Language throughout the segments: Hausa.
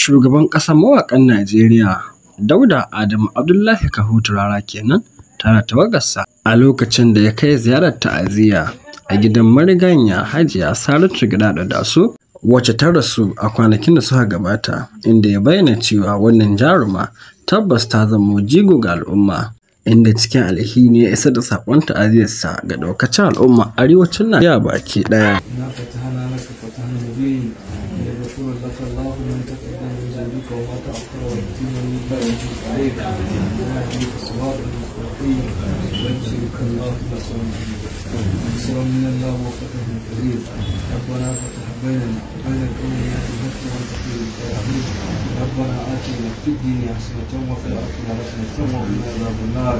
Shugaban ƙasar mawaƙan Najeriya Dauda Adamu Abdullahi Kahutu Rara kenan tare tawagarsa a lokacin da ya kai ziyarar ta'aziyya a gidan mariganya Hajiya Saratu da Daso wacce ta rasu a kwanakin da suka gabata inda ya bayyana cewa wannan jaruma tabbas ta zama jigo ga al'umma inda cikin alhini ya isa da saƙon ta'aziyarsa ga ɗaukacin al'umma arewacin Najeriya baki ɗaya. الله من تقبل من ذنبك وما تأخر واهدنا لما يجوز عليك واهدك الصراط المستقيم ويبصرك الله بصرا بصرا من الله وفتح كبير ربنا فتح بيننا وبين الأولياء الحق والتقييم الكافرين ربنا آتنا في الدنيا حسنة وفي الآخرة حسنة وقنا عذاب النار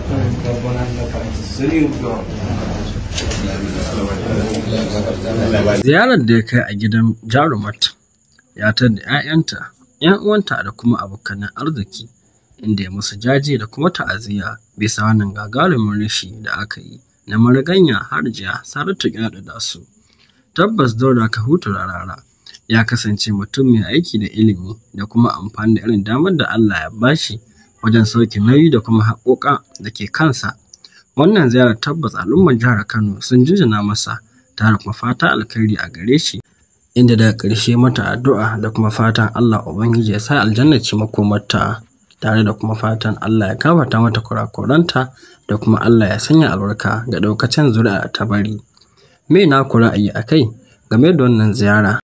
ربنا إنك أنت السميع الدعاء ziyarar da ya kai a gidan jarumar yatar da 'ya'yanta, 'yan uwanta da kuma abokanan arziki inda ya musu jaje da kuma ta'aziyya bisa wannan gagarumin rashi da aka yi na har ta Saratu da su. Tabbas Dauda hutu Rarara ya kasance mutum mai aiki da ilimi da kuma amfani da irin damar da Allah ya bashi wajen sauke nauyi da kuma haƙoƙa da ke kansa. Wannan ziyarar tabbas al'ummar jihar Kano sun jinjina masa tare kuma fata alkhairi a gare shi. inda daga ƙarshe mata addu'a da kuma fatan Allah Ubangiji ya sa aljanna ci makomarta tare da kuma fatan Allah ya gabata mata kurakuranta da kuma Allah ya sanya albarka ga ɗaukacin zuri'a ta bari. Me na kura ayi a kai game da wannan ziyara?